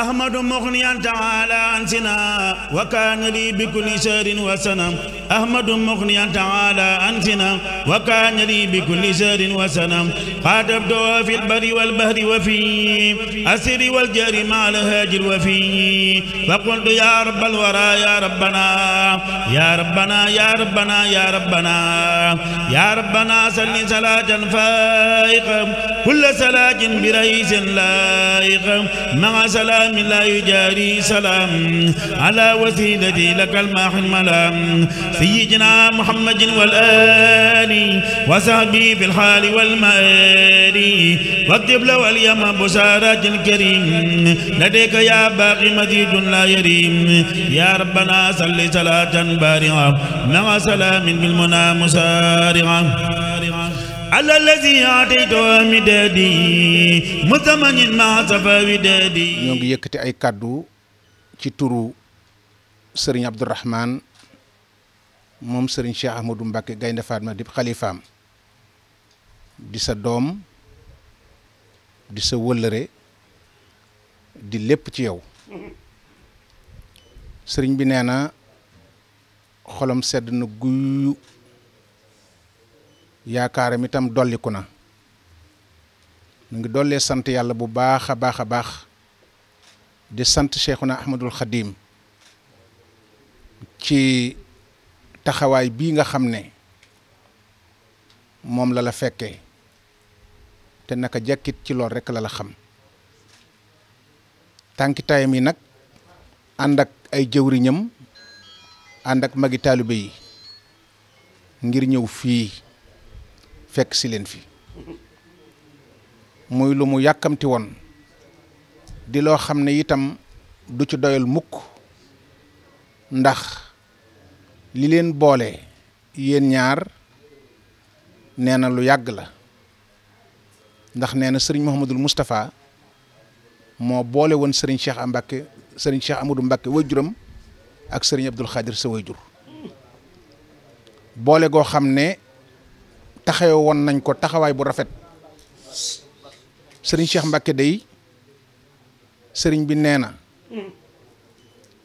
أحمد مغنيا تعالى عن سنا وكان لي بكل شر وسنا أحمد مغنيا تعالى عن سنا وكان لي بكل شر وسنا قد أبدو في البر والبهر وفي أسر والجار مع الهاجر وفي فقلت يا رب الورى يا ربنا يا ربنا يا ربنا يا ربنا يا ربنا سل صلاة فائقة كل صلاة برئيس لائق مع سلام السلام لا يجاري سلام على وسيلتي لك الماح الملام سيدنا محمد والآل وصحبه في الحال والمآل واكتب له اليم بشارات كريم لديك يا باقي مزيد لا يريم يا ربنا صل صلاة بارعة مع سلام بالمنى مسارعة على الذي أعطيت مدادي مزمن ما صفى ودادي ñoo ngi yëkkati ay kàddu ci turu sëriñ Abdourahmane moom sëriñ Cheikh Ahmadou Mbacké Gaynde Fatma di xalifaam di sa doom di sa wëllëre di lépp ci yow sëriñ bi nee na sedd na guyu yaakaaram itam dolliku na mu ngi dollee sant yàlla bu baax a baax a baax di sant Cheikhuna Ahmadul Xadim ci taxawaay bii nga xam ne moom la la fekkee te naka jàkkit ci lool rekk lala xam tànki tayam yi nag ànd ak ay jëwriñam ànd ak magi taalibe yi ngir ñëw fii fekk si leen fi muy lu mu yàkkamti woon di loo xam ne itam du ci doyal mukk ndax li leen boole yéen ñaar nee na lu yàgg la ndax nee na sëriñ Mouhamadul Moustapha moo boole woon sëriñ Cheikh Mbacke sëriñ Cheikh Amadou Mbacke waajuram ak sëriñ Abdul Xaadir sa waajur boole goo xam ne taxawe woon nañ ko taxawaay bu rafet sëriñ Cheikh Mbacke day sëriñ bi nee na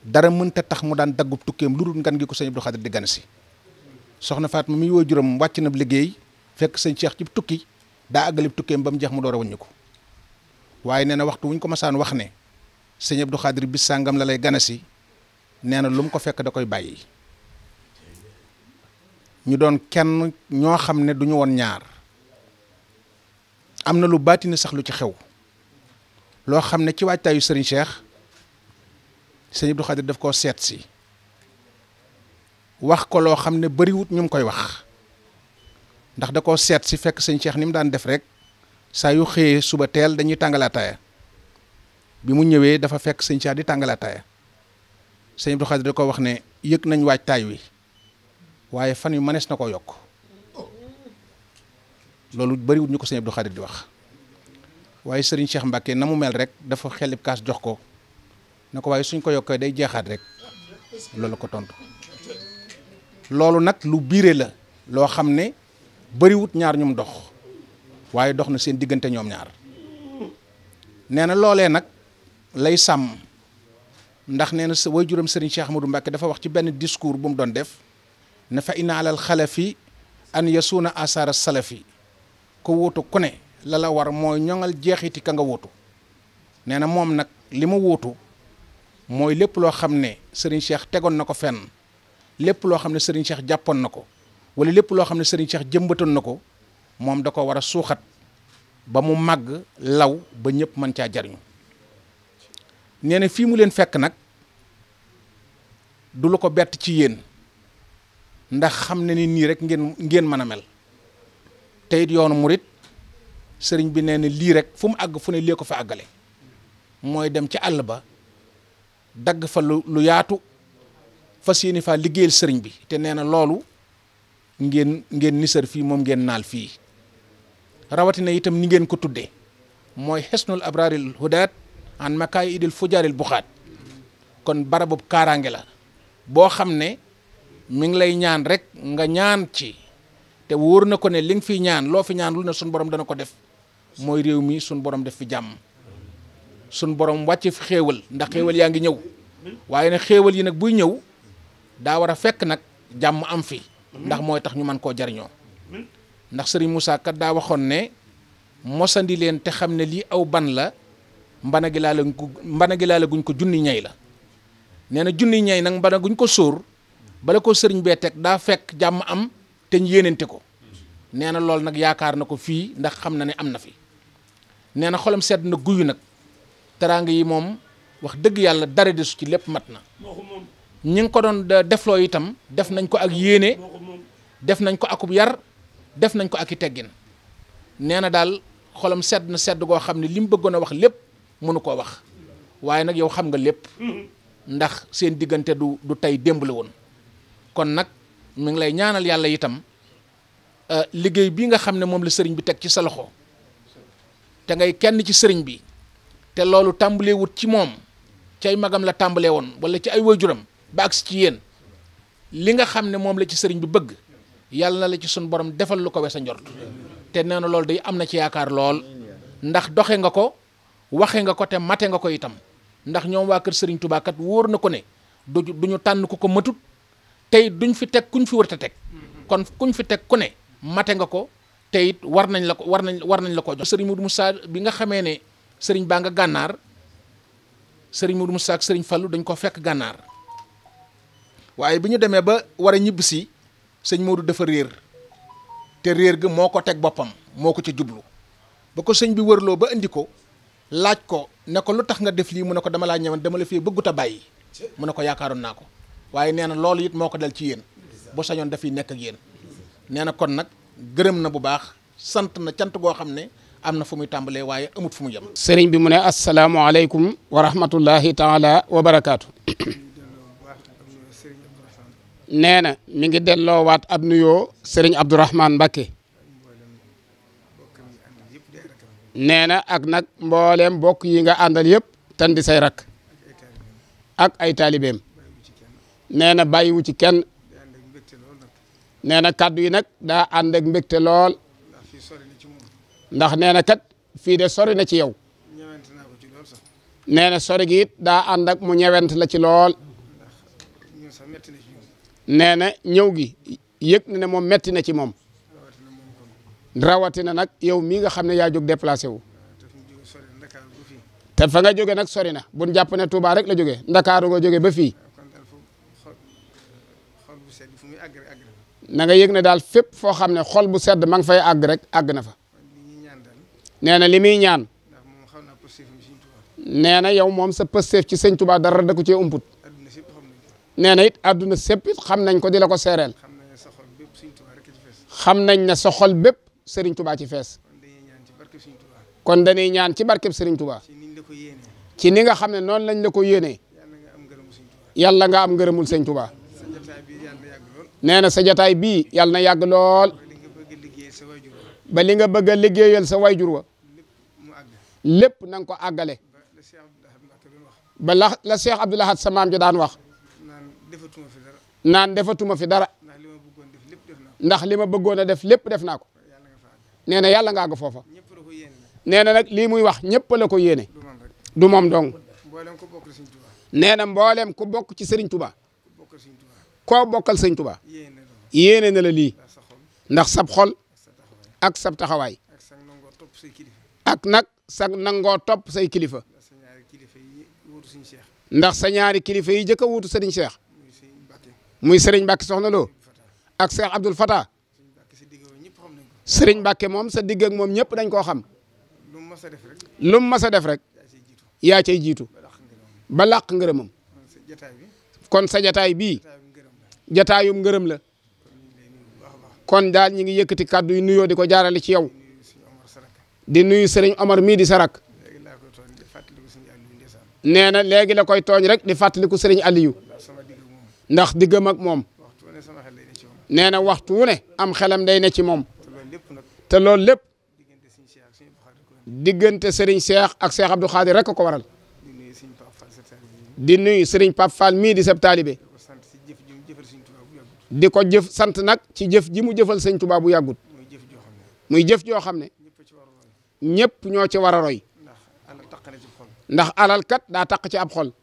dara mënta tax mu daan daggub tukkeem lu dul ngan gi ko sëñ Abdou Khadir di gan si soxna Fatma mi woo juróom wàcc na liggéey fekk sëñ Cheikh ci tukki daa àggalib tukkeem ba mu jeex mu door a wëññi ko waaye nee na waxtu wuñ ko masaan wax ne sëñ Abdou Khadir bis sàngam la lay gana si nee na lu mu ko fekk da koy bàyyi ñu doon kenn ñoo xam ne duñu woon ñaar am na lu baatini sax lu ci xew loo xam ne ci waajtaayu sëriñ Cheikh sëñ Abdou Khadir daf koo seet si wax ko loo xam ne bëriwut ñu mu koy wax ndax da koo seet si fekk sëñ Cheikh ni mu daan def rek saa yu xëyee suba teel dañuy tàngalaataaya bi mu ñëwee dafa fekk sëñ Cheikh di tàngalaataaya sëñ Abdou Khadir da ko wax ne yëg nañ waajtaay wi waaye fan yu mënees na koo yokk loolu bëriwut ñu ko seen Abdou Khadir di wax waaye sëriñ Cheikh Mbacke na mu mel rek dafa xelib kaas jox ko na ko waaye suñ ko yokkee day jeexaat rek loolu ko tontu loolu nag lu biire la loo xam ne bariwut ñaar ñum dox waaye dox na seen diggante ñoom ñaar nee na loolee nag lay sàmm ndax nee na way juróom sëriñ Cheikh Ahmadou Mbacke dafa wax ci benn discours bu mu doon def na fa inna alal xalafi an yasuuna asaara salafi ko wóotu ku ne la la war mooy ñoŋal jeexiti ka nga wóotu nee na moom nag li ma wóotu mooy lépp loo xam ne Serigne Cheikh tegoon na ko fenn lépp loo xam ne Serigne Cheikh jàppoon na ko wala lépp loo xam ne Serigne Cheikh jëmbatoon na ko moom da ko war a suuxat ba mu màgg law ba ñépp mën caa jariñu nee na fii mu leen fekk nag du lu ko bett ci yéen. ndax xam ne ni nii rek ngeen ngeen mën a mel te it yoonu murit sëriñ bi nee na lii rek fu mu àgg fu ne lee ko fa àggale mooy dem ci àll ba dagg fa lu yaatu fas yéene fa liggéeyal sëriñ bi te nee na loolu ngeen ngeen nisar fii moom ngeen naal fii rawatina yitam ni ngeen ko tuddee mooy xesnul abraril hudaat an makaay idil fujaaril buxaat kon barabub kaaraange la boo xam ne mu ngi lay ñaan rek nga ñaan ci te wóor na ko ne li nga fi ñaan loo fi ñaan lu ne suñu borom dana ko def mooy réew mi suñu borom def fi jàmm suñu borom wàcce fi xéewal ndax xéewal yaa ngi ñëw waaye nag xéewal yi nag buy ñëw daa war a fekk nag jàmm am fi ndax mooy tax ñu mën koo jariñoo ndax sëriñ Moussa daa waxoon ne mosandi leen te xam ne lii aw ban la mbana gi laale la mbana gi laa guñ ko junni ñay la nee na junni ñay nag mbana guñ ko sóor bala ko sëriñ bee teg daa fekk jàmm am te ñu yéenante ko nee na loolu nag yaakaar na ko fii ndax xam na ne am na fi nee na xolam sedd na guyu nag teraanga yi moom wax dëgg yàlla dara desu ci lépp mat na ñi nga ko doon defloo itam def nañ ko ak yéene def nañ ko akub yar def nañ ko ak i teggin nee na daal xolam sedd na sedd goo xam ne li mu bëggoon a wax lépp mënu koo wax waaye nag yow xam nga lépp ndax seen diggante du du tey démb la woon kon nag mu ngi lay ñaanal yàlla itam euh, liggéey bi nga xam ne moom la sëriñ bi teg ci sa loxo te ngay kenn ci sëriñ bi te loolu tàmbalee ci moom ci magam la tàmbalee woon wala ci ay waajuram ba agsi ci yéen li nga xam ne moom la ci sëriñ bi bëgg yàlla na la ci sun borom defal lu ko we sa njort te nee na loolu day am na ci yaakaar lool ndax doxe nga ko waxe nga ko te mate nga ko itam ndax ñoom waa kër sëriñ Tuubaa kat wóor na ko ne du ñu tànn ku ko matut tey duñ fi teg kuñ fi wërta teg kon kuñ fi teg ku ne mate nga ko te war nañ la ko war nañ war nañ la ko jox sëriñ Modou Moussa bi nga xamee ne sëriñ baa nga gànnaar sëriñ Modou Moussa sëriñ Fallou dañ ko fekk gànnaar waaye bi ñu demee ba war a ñibbisi si sëñ Modou dafa réer te réer gi moo ko teg boppam moo ko ca jublu ba ko sëñ bi wërloo ba indi ko laaj ko ne ko lu tax nga def lii mu ne ko dama laa ñëwoon dama la fii bëggut a bàyyi mu ne ko yaakaaroon naa ko waaye nee na loolu it moo ko dal ci yéen bu sañoon dafiy nekk ak yéen nee na kon nag gërëm na bu baax sant na cant goo xam ne am na fu muy tàmbalee waaye amut fu mu yem. sëriñ bi mu ne asalaamaaleykum wa rahmatullahi taala wa barakaatu. nee na mi ngi delloowaat ab nuyoo sëriñ Abdourahmane Mbacké nee na ak nag mboolem bokk yi nga àndal yépp tan say rakk ak ay taalibeem nee na bàyyiwu ci kenn nee na kàddu yi nag daa ànd mbégte lool ndax nee na kat fii de sori na ci yow nee na sori gi it daa ànd ak mu ñewent la ci lool nee na ñëw gi yëg na ne moom metti na ci moom rawatina nag yow mii nga xam ne yaa jóg déplacé wu te fa nga jóge nag sori na buñ jàpp ne Touba rek la jóge Ndakaaru nga jóge ba fii na nga yëg ne daal fépp foo xam ne xol bu sedd ma nga fay àgg rek àgg na fa nee na li muy ñaan nee na yow moom sa pësteef ci sëñ Tuubaa dara da ko cee umput nee na it àdduna sépp it xam nañ ko di la ko seereel xam nañ ne sa xol bépp sëriñ Tuubaa ci fees kon dañuy ñaan ci barkeb sëriñ Tuubaa ci ni nga xam ne noonu lañ la ko yéenee yàlla nga am ngërëmul sëñ Tuubaa nee na sa jataay bii yàlla na yàgg lool ba li nga bëgg a liggéeyal sa wayjur wa lépp na nga ko àggale ba la la Cheikh Abdoul Ahad sa maam ji daan wax naan defatuma fi dara ndax li ma bëggoon a def lépp def naa ko nee na yàlla nga àgg foofa nee na nag lii muy wax ñëpp la ko yéene du moom dong nee na mboolem ko bokk ci Serigne Touba koo bokkal sëñ Tuubaa yéene na la lii ndax sab xol ak sab taxawaay ak nag sag nangoo topp sey kilifa ndax sa ñaari kilifa yi jëkk a wuutu sëriñ Cheikh muy seriñ Mbàkke soxna loo ak Cheikh Abdoul Fatah sëriñ Mbàkke moom sa digg moom ñëpp dañ koo xam lu mu mas a def rek yaa cay jiitu ba làq ngërëmam kon sa jataay bii jataayum ngërëm la kon daal ñi ngi yëkkati kàddu yu nuyoo di ko jaarale ci yow di nuyu sëriñ Omar mii di Sarak nee na léegi la koy tooñ rek di fàttaliku sëriñ Aliyu ndax diggam ak moom nee na waxtu wu ne am xelam day ne ci moom te loolu lépp diggante sëriñ Cheikh ak Cheikh Abdou Khadir rek ko waral di nuyu sëriñ Pape Fall mii di seb di ko jëf sant nag ci jëf ji mu jëfal sëñ Tuubaa bu yàggut muy jëf joo xam ne ñëpp ñoo ci war a roy ndax alal kat daa taq ci ab xol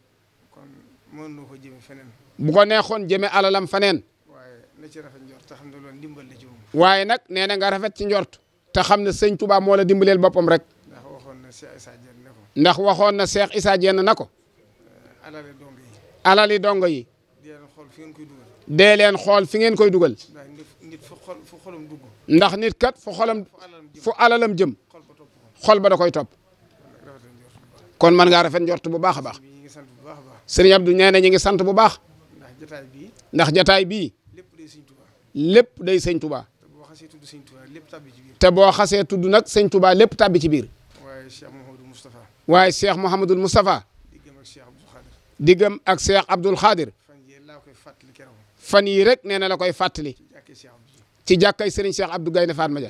bu ko neexoon jëme alalam feneen waaye nag nee na nga rafet ci njort te xam ne sëñ Tuubaa moo dimbaleel boppam rek ndax waxoon na seex Issa Diène na ko alali dongo yi dee leen xool fi ngeen koy dugal. ndax nit kat fu xolam fu alalam jëm xol ba da koy topp kon mën ngaa rafet njort bu baax a baax sëriñ Abdou nee na ñu ngi sant bu baax ndax jataay bii lépp day sëñ Tuubaa te boo xasee tudd nag sëñ Tuubaa lépp tàbbi ci biir waaye Cheikh Mouhamadul Moustapha diggam ak Cheikh Abdoul Khadir. fan yi rek nee na la koy fàttali ci jàkkay sëriñ Cheikh Abdou Gaynde Fatma ja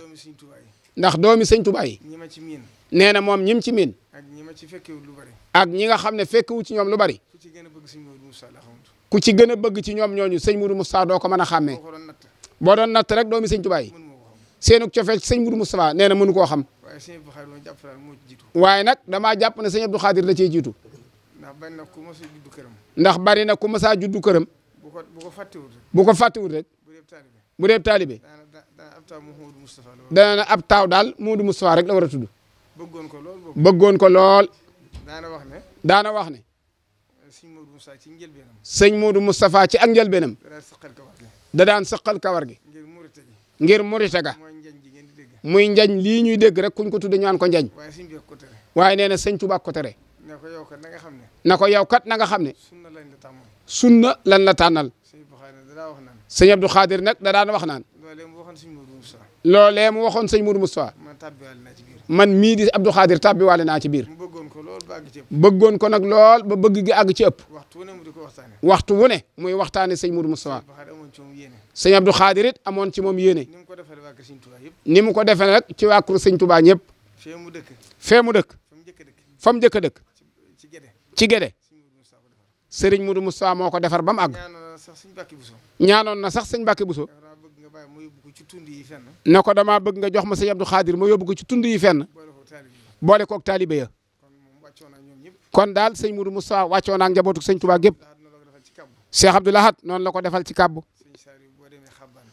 ndax doomi sëñ Tuubaa yi nee na moom ñim ci miin ak ñi ma ci fekkewu lu bari ak ñi nga xam ne fekkewu ci ñoom lu bari ku ci gën a bëgg sëñ Mourou Moussa la xamut ku ci gën a bëgg ci ñoom ñooñu sëñ Mourou Moussa doo ko mën a xàmmee boo doon natt rek doomi sëñ Tuubaa yi seenu cofeel ci sëñ Mourou Moussa nee na mënu koo xam waaye nag dama jàpp ne sëñ Abdou Khadir la cee jiitu ndax bari na ku masa juddu këram ndax bari na ku masa juddu këram ko bu ko fàttewul rek. bu ko fàttewul rek. bu dee taalibe bu dee taalibe. dana ab taaw daal Mouhamadou Moustapha rek la wara a tudd. bëggoon ko lool bëggoon ko lool. daana wax ne. daana wax ne. sëñ Modou Moustapha ci njëlbeenam. sëñ Modou Moustapha ci ak njëlbeenam. da daan sëqal kawar gi. ngir murite gi. ngir murite ga. muy njañ lii ñuy dégg rek kuñ ko tudde ñaan ko njañ. waaye nee na sëñ Tuubaa ko tere. na ko yow kat na nga xam ne. na ko yow kat na nga xam ne. sunna lañ la tàmm sunna lan la tànnal sëñ Abdou Khadir nag da daan wax naan loolee mu waxoon sëñ Mourou Moustapha man mii di Abdou Khadir tàbbiwaale naa ci biir bëggoon ko nag lool ba bëgg gi àgg ci ëpp waxtu wu ne muy waxtaane sëñ Mourou Moustapha sëñ Abdou Khadir it amoon ci moom yéene ni mu ko defee nag ci waa kër sëñ Touba ñëpp fee mu dëkk fa mu njëkk a dëkk ci gede Serigne Modou Moustapha moo ko defar ba mu àgg. ñaanoon na sax sëñ Mbacke Bousso. ne ko damaa bëgg nga jox ma sëñ Abdou Khadir mo yóbbu ko ci tund yi fenn. boole koog taalibe ya. kon daal sëñ Modou Moustapha wàccoo naa njabootu sëñ Touba gépp. Cheikh Abdou Lahad noonu la ko defal ci kàbbu.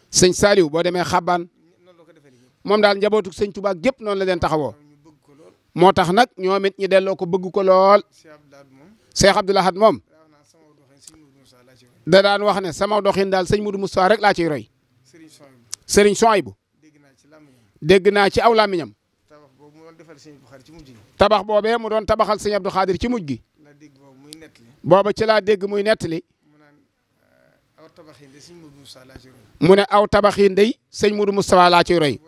sëñ Saliou boo demee Xabaan. moom daal njabootu sëñ Touba gépp noonu la leen taxawoo. moo tax nag ñoom it ñu delloo ko bëgg ko lool. Cheikh Abdou Lahad moom. da daan wax ne sama doxin daal sëñ Mudu Musaa rek laa ciy roy sëriñ bu dégg naa ci aw làmmiñam tabax boobee mu doon tabaxal sëñ Abdou Khadir ci muj gi booba ci laa dégg muy nettali mu ne aw tabax yi ndey sëñ Mudu Musaa laa ciy roy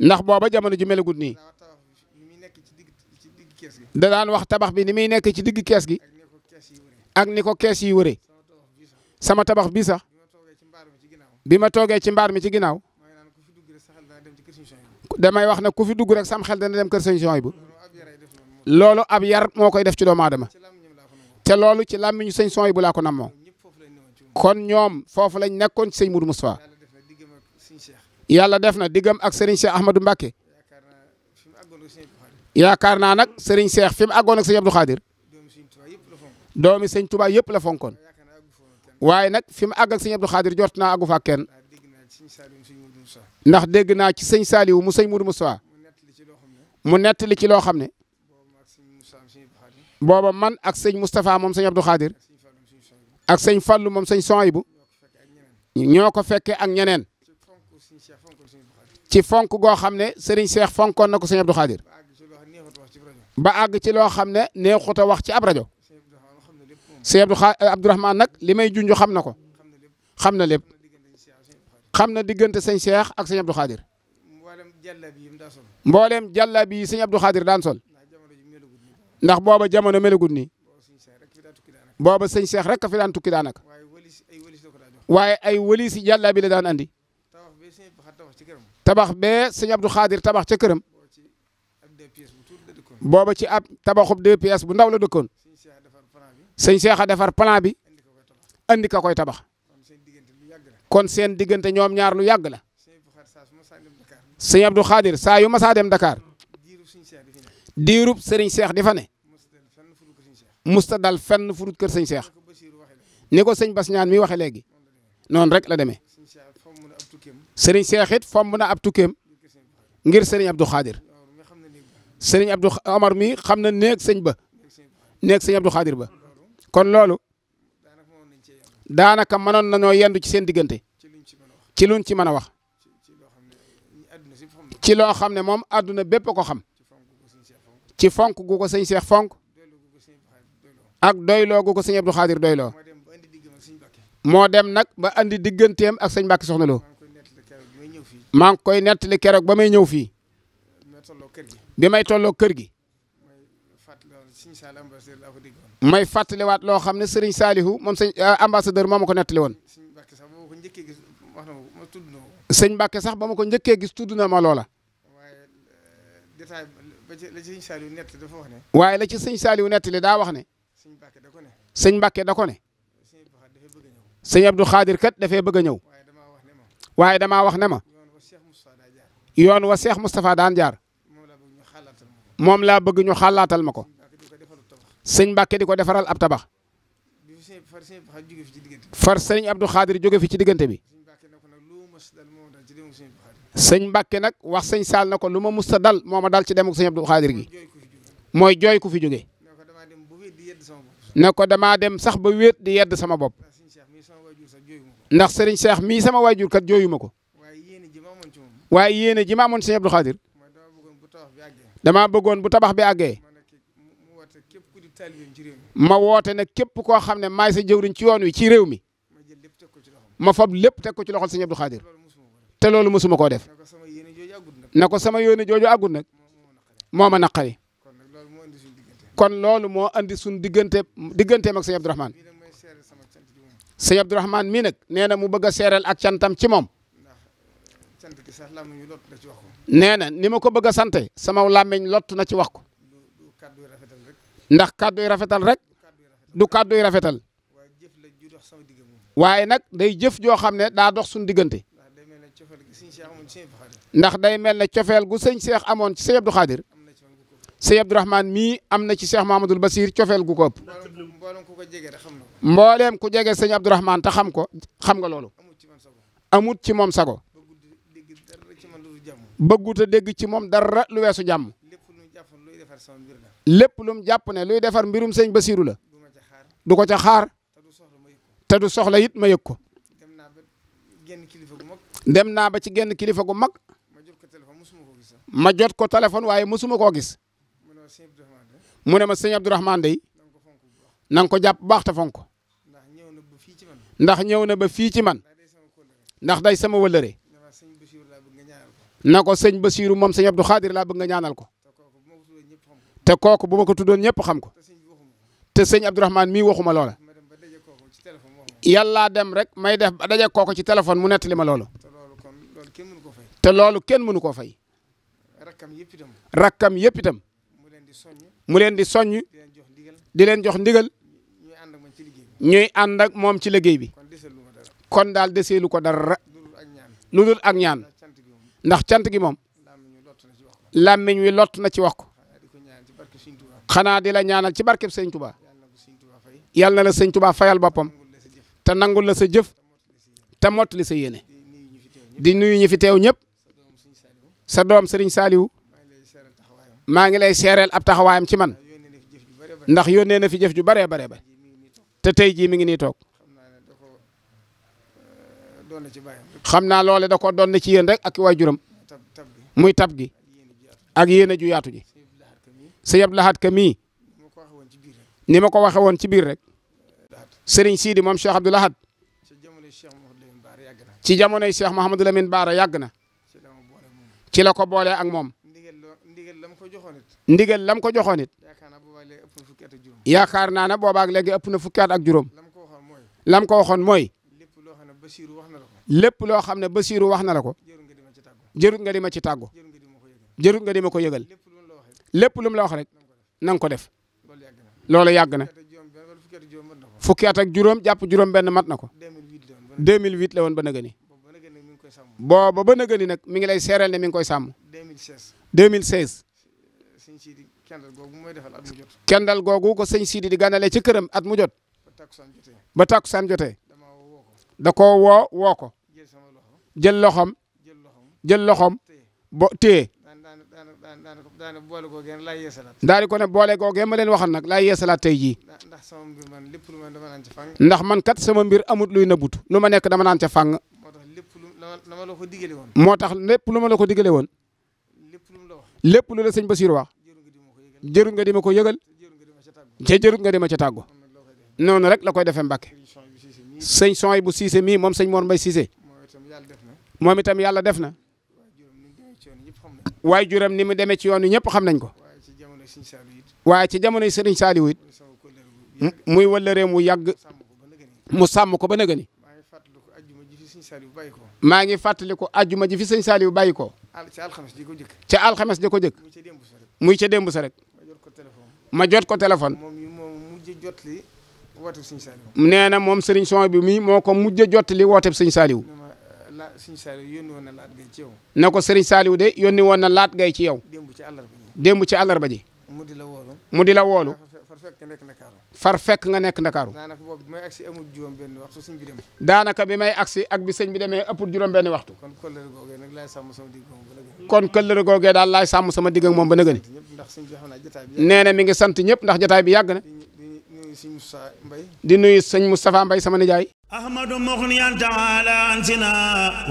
ndax booba jamono ji melagut nii da daan wax tabax bi ni muy nekk ci digg kees gi ak ni ko kees yi wëre sama tabax bii sax bi ma toogee ci mbaar mi ci ginnaaw damay wax ne ku fi dugg rek sam xel dana dem kër sëñ Suwaybu loolu ab yar moo koy def ci doomu aadama te loolu ci làmmiñu sëñ Suwaybu laa ko namoo kon ñoom foofu lañ nekkoon ci sëñ Mourou Moustapha yàlla def na diggam ak Serigne Cheikh Ahmadou Mbacke yaakaar naa nag Serigne Cheikh fi mu àggoon ak sëñ Abdou Khadir doomi sëñ Touba yëpp la fonkoon. waaye nag fi mu àgg ak sëñ Abdou Khadir jort naa àggu fa ak kenn ndax dégg naa ci sëñ Saliou mu sëñ Mourou Moussa mu nettali ci loo xam ne booba man ak sëñ Moustapha moom sëñ Abdou Khadir ak sëñ Fallou moom sëñ Sohaybou ñoo ko fekkee ak ñeneen ci fonk goo xam ne Serigne Cheikh fonkoon na ko sëñ Abdou Khadir ba àgg ci loo xam ne neexut a wax ci ab rajo xa Abdou eh, Abdourahmane nag li may junj xam na ko xam na lépp xam na diggante sëñ Cheikh ak sëñ Abdou Khadir mbooleem jàlla bi sëñ Abdou Khadir daan sol ndax booba jamono melagut nii booba sëñ Cheikh rek a fi daan tukki daanaka waaye ay wëlis jàlla bi la daan andi tabax bee sëñ Abdou Khadir tabax ca këram booba ci ab tabaxub deux pièces bu ndaw la dëkkoon. sëñ Cheikh a defar plan bi andi ka koy tabax kon seen diggante ñoom ñaar lu yàgg la sëñ Abdou Khadir saa yu saa dem Dakar diirub sëriñ Cheikh di fa ne musta dal fenn furut kër sëñ Cheikh ni ko sëñ Bas ñaan mi waxe léegi noonu rek la demee sëriñ Cheikh it fomb na ab tukkeem ngir sëriñ Abdou Khadir sëriñ Abdou Omar mi xam na néeg sëñ ba néeg sëñ Abdou Khadir ba. kon loolu daanaka mënoon nañoo yendu ci seen diggante ci luñ ci mën a wax ci loo xam ne moom àdduna bépp ko xam ci fonk gu ko sëñ Cheikh fonk ak doyloo gu ko sëñ Abdou Khadir doyloo moo dem nag ba andi digganteem ak sëñ Mbacke Soxna Lo maa ngi koy nettali keroog ba may ñëw fii bi may tolloo kër gi may fàttaliwaat loo xam ne Serigne Salihu moom sëñ euh, ambassadeur moo ma ko nettali woon. sëñ Mbàkke sax ba ma ko njëkkee gis tudd na ma loola. waaye euh, la ci sëñ Salihu nettali daa wax ne. sëñ Mbàkke da ko ne. sëñ Abdou Khadir kat dafee bëgg a ñëw. waaye damaa wax ne ma. yoon wa Cheikh Moustapha daan jaar. moom laa bëgg ñu xalaatal ma ko. sëñ Mbàkke di ko defaral ab tabax far sëñ Abdou Xaadir joge fi ci diggante bi sëñ Mbàkke nag wax sëñ Saal na ko lu ma musta dal moo ma dal ci demuk sëñ Abdou Xaadir gi mooy jooy ku fi jóge ne ko damaa dem sax ba wéet di yedd sama bopp ndax sëriñ Cheikh mii sama waajur kat jooyu ko waaye yéene ji ma amoon sëñ Abdou Xaadir damaa bëggoon bu tabax bi àggee ma woote na képp koo xam ne maay sa jëwriñ ci yoon wi ci réew mi ma fab lépp te ko ci loxol sëñ Abdou Khadir te loolu mosuma koo def na ko sama yéene jooju àggut nag moo ma naqari kon loolu moo andi suñ diggante digganteem ak sëñ Abdou Rahman sëñ Abdou Rahman mii nag nee na mu bëgg a seeral ak cantam ci moom nee na ni ma ko bëgg a sante sama làmmiñ lott na ci wax ko ndax kàddu yi rafetal rek du kàddu yi rafetal waaye nag day jëf joo xam ne daa dox suñu diggante ndax day mel ne cofeel gu sëñ Cheikh amoon ci sëñ Abdou Khadir sëñ Abdourahman mii am na ci Cheikh Mahamadoul Basir cofeel gu ko ëpp mbooleem ku jege sëñ Abdourahman ta xam ko xam nga loolu amut ci moom sago bëggut a dégg ci moom dara lu weesu jàmm lépp lu mu jàpp ne luy defar mbirum sëñ basiru la du ko ca xaar te du soxla it ma yëg ko dem naa ba ci genn kilifa gu mag ma jot ko téléphone waaye mosuma koo gis mu ne ma sëñ Abdourahmane day na nga ko jàpp baax te fonk ko ndax ñëw na ba fii ci man ndax day sama wëllëre na ko sëñ Basiiru moom sëñ Abdou Xaadir laa bëgg nga ñaanal ko te kooku bu ma ko tuddoon ñëpp xam ko te sëñ Abdourahmane mi waxuma loola yàllaa dem rek may def ba daje kooko ci téléphone mu nettali ma loolu te loolu kenn mënu koo fay rakkam yëpp itam mu leen di soññ di leen jox ndigal ñuy ànd ak moom ci liggéey bi kon daal deseelu ko dara lu dul ak ñaan ndax cant gi moom làmmiñ wi lott na ci wax ko xanaa di la ñaanal ci barkeb sëñ Touba yàlla na la sëñ Touba fayal boppam te nangul la sa jëf te mottali sa yéene di nuyu ñi fi teew ñëpp sa doom sëriñ Saliou maa ngi lay seereel ab taxawaayam ci man ndax yónnee na fi jëf ju baree baree ba te tey jii mi ngi nii toog xam naa loole da ko doon na ci yéen rek ak waajuram muy tab gi ak yéene ju yaatu ji sëñ Abdou Lahad Ka mii ni ma ko waxee woon ci biir rek sëriñ Sidi moom Cheikh Abdou Lahad ci jamonoy Cheikh Mouhamadou Lamine Baara yàgg na ci la ko boolee ak moom ndigal lam ko joxoon it. ndigal lam ko joxoon it yaakaar naa ne boobaag léegi ëpp na fukki at ak juróom lam ko waxoon mooy lépp loo xam ne Basiiru wax na la ko jërut nga di ma ci tàggu jërut nga di ma ko yëgal. lépp lum mu la wax rek na nga ko def loolu yàgg na fukki at ak juróom jàpp juróom benn mat na ko 2008 la woon ba naga ni booba ba naga ni nag mi ngi lay seeral ne mi ngi koy sàmm 2016 kendal googu ko sëñ Sidi di ganale ci këram at mu jot ba takkusaan jotee da koo woo woo ko jël loxom jël loxom bo téye daane ko daane boole googee laa yeesalaat. daane ko ne boole googee ma leen waxoon nag yeesalaat tey jii. ndax man kat sama amut luy nëbbutu lu ma nekk dama naan ca moo tax lépp lu ma la ko digale woon. moo lu la ko Basiir wax. jërut nga di ma ko yëgal. te nga di ma ca tàggu. noonu rek la koy defee Mbàkke. sëñ Sooy bu Siise mii moom sëñ Mor Mbay Siise moom itam yàlla def waaye juram ni mu demee ci yoon wi ñëpp xam nañ ko waaye ci jamonoy Serigne Saliou it muy wëllëreem mm, mu yàgg mu sàmm ko ba nëgë ni maa ngi fàttali ko ajjuma ji fi sëñ Saliou bàyyi ko ca alxames di ko jëkk ca alxames di ko jëkk muy ca démb sa rek ma jot ko téléphone nee na moom Serigne son bi mu moo ko mujj a jot li wooteb sëñ Saliou la sëriñ Saliou yónni woon na laat gay ci yow. ne ko sëriñ Saliou de yónni woon na laat gay ci yow. démb ci àllarba ji ji. mu di la woolu mu nga nekk Ndakaaru. daanaka bi may agsi amul bi demee. bi demee ëppul juróom-benn waxtu. kon këllëre googee ba nëgën. kon këllëre googee daal laay sàmm sama digg ak moom ba nëgën. nee na mi ngi sant ñëpp ndax jotaay bi yàgg na. di nuyu sëñ Moustapha Mbaye. sama nijaay. ahmadu muxniyan taala ansina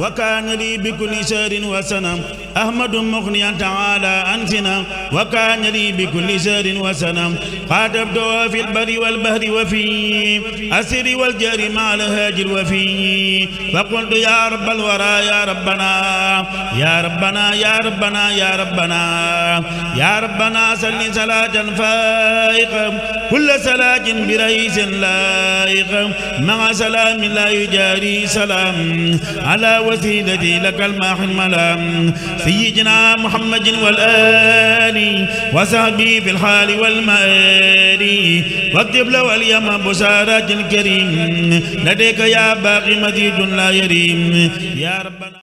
wa kaana li bi kulli shahrin wa sanam ahmadu muxniyan taala ansina wa kaana li bi kulli shahrin wa sanam xaatabtoo fi lbari walbahri wa fi asiri waljari ma alhaajir wa fi fa qultu ya rabbal wara ya rabbana ya rabbana ya rabbana ya rabbana ya rabbana salli salatan faayiqa kulla salatin bi raisin laayiqa maa سلام لا يجاري سلام على وسيلتي لك الماح الملام سيدنا محمد والآل وصحبه في الحال والمآل واكتب له اليم بشارات الكريم لديك يا باقي مزيد لا يريم يا ربنا